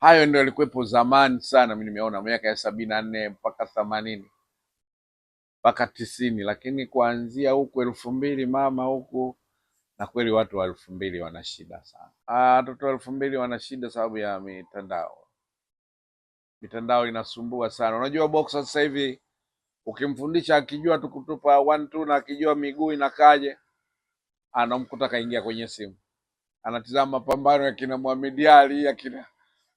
Hayo ndio yalikuwepo zamani sana, mimi nimeona miaka ya sabini na nne mpaka themanini mpaka tisini, lakini kuanzia huku elfu mbili mama huku, na kweli watu wa elfu mbili wana shida sana. Ah, watoto wa elfu mbili wana shida sababu ya mitandao. Mitandao inasumbua sana. Unajua boksa sasa hivi ukimfundisha akijua tu kutupa one two na akijua miguu inakaje, anamkuta kaingia kwenye simu, anatizama mapambano ya kina Muhammad Ali ya kina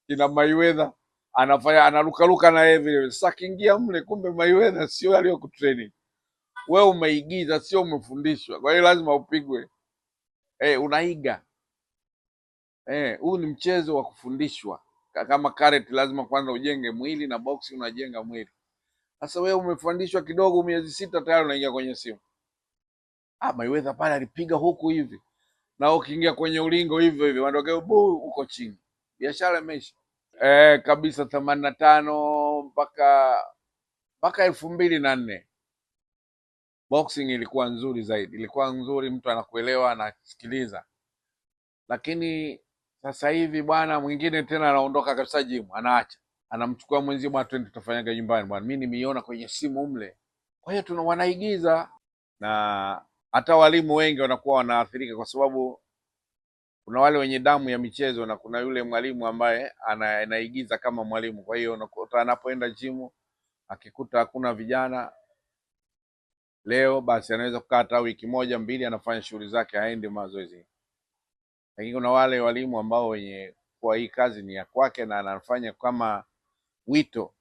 kina Mayweather anafanya anarukaruka na yeye vile. Sasa kiingia mle, kumbe Mayweather sio aliyokutraining wewe, umeigiza sio umefundishwa. Kwa hiyo lazima upigwe. Eh, unaiga eh, huu ni mchezo wa kufundishwa kama karate, lazima kwanza ujenge mwili na boxing unajenga mwili. Sasa wewe umefundishwa kidogo, miezi sita tayari unaingia kwenye simu. Ah, Mayweather pale alipiga huku hivi, na ukiingia kwenye ulingo hivyo hivyo, matokeo bu uko chini biashara imeisha eh, kabisa themanini na tano mpaka mpaka elfu mbili na nne boxing ilikuwa nzuri zaidi, ilikuwa nzuri, mtu anakuelewa anasikiliza. Lakini sasa hivi bwana, mwingine tena anaondoka kabisa jimu, anaacha, anamchukua mwenzi bwana, twende tutafanyaga nyumbani bwana, mi nimeiona kwenye simu mle. Kwa hiyo tuna wanaigiza, na hata walimu wengi wanakuwa wanaathirika kwa sababu kuna wale wenye damu ya michezo na kuna yule mwalimu ambaye ana, anaigiza kama mwalimu. Kwa hiyo unakuta anapoenda jimu akikuta hakuna vijana leo, basi anaweza kukaa hata wiki moja mbili, anafanya shughuli zake, aende mazoezi. Lakini kuna wale walimu ambao wenye kwa hii kazi ni ya kwake na anafanya kama wito,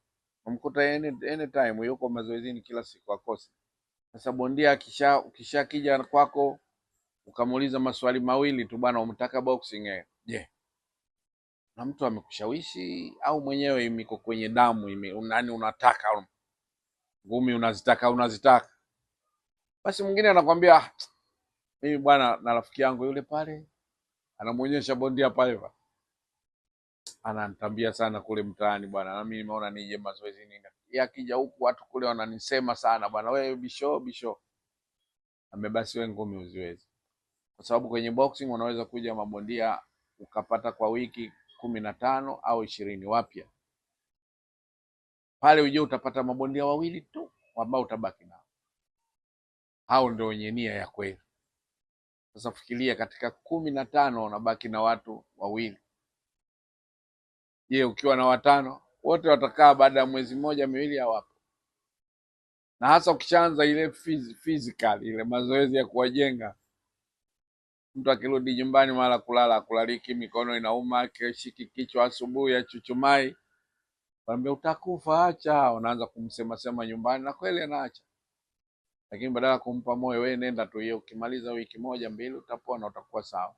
unamkuta anytime yuko mazoezini kila siku akosi. Sasa bondia kisha kija kwako ukamuuliza maswali mawili tu, bwana, umtaka boxing eh? Je, na mtu amekushawishi au mwenyewe imiko kwenye damu ime, nani unataka ngumi unazitaka unazitaka? Basi mwingine anakwambia ah, mimi bwana, na rafiki yangu yule pale anamwonyesha bondia pale pale ananitambia sana kule mtaani bwana, na mimi nimeona nije mazoezi nini. Yeye akija huku watu kule wananisema sana bwana, wewe bisho bisho. Ame basi wewe ngumi uziwezi kwa sababu kwenye boxing unaweza kuja mabondia ukapata kwa wiki kumi na tano au ishirini wapya pale, ujue utapata mabondia wawili tu ambao utabaki nao, hao ndio wenye nia ya kweli. Sasa fikiria, katika kumi na tano unabaki na watu wawili. Je, ukiwa na watano wote watakaa baada ya mwezi mmoja miwili, hawapo. Na hasa ukishaanza ile physical, ile mazoezi ya kuwajenga Mtu akirudi nyumbani mara kulala kulaliki mikono inauma, keshiki kichwa, asubuhi achuchumai, wanaambia utakufa, acha. Unaanza kumsema sema nyumbani, na kweli anaacha, lakini badala ya kumpa moyo, wewe nenda tu, hiyo ukimaliza wiki moja mbili utapona utakuwa sawa.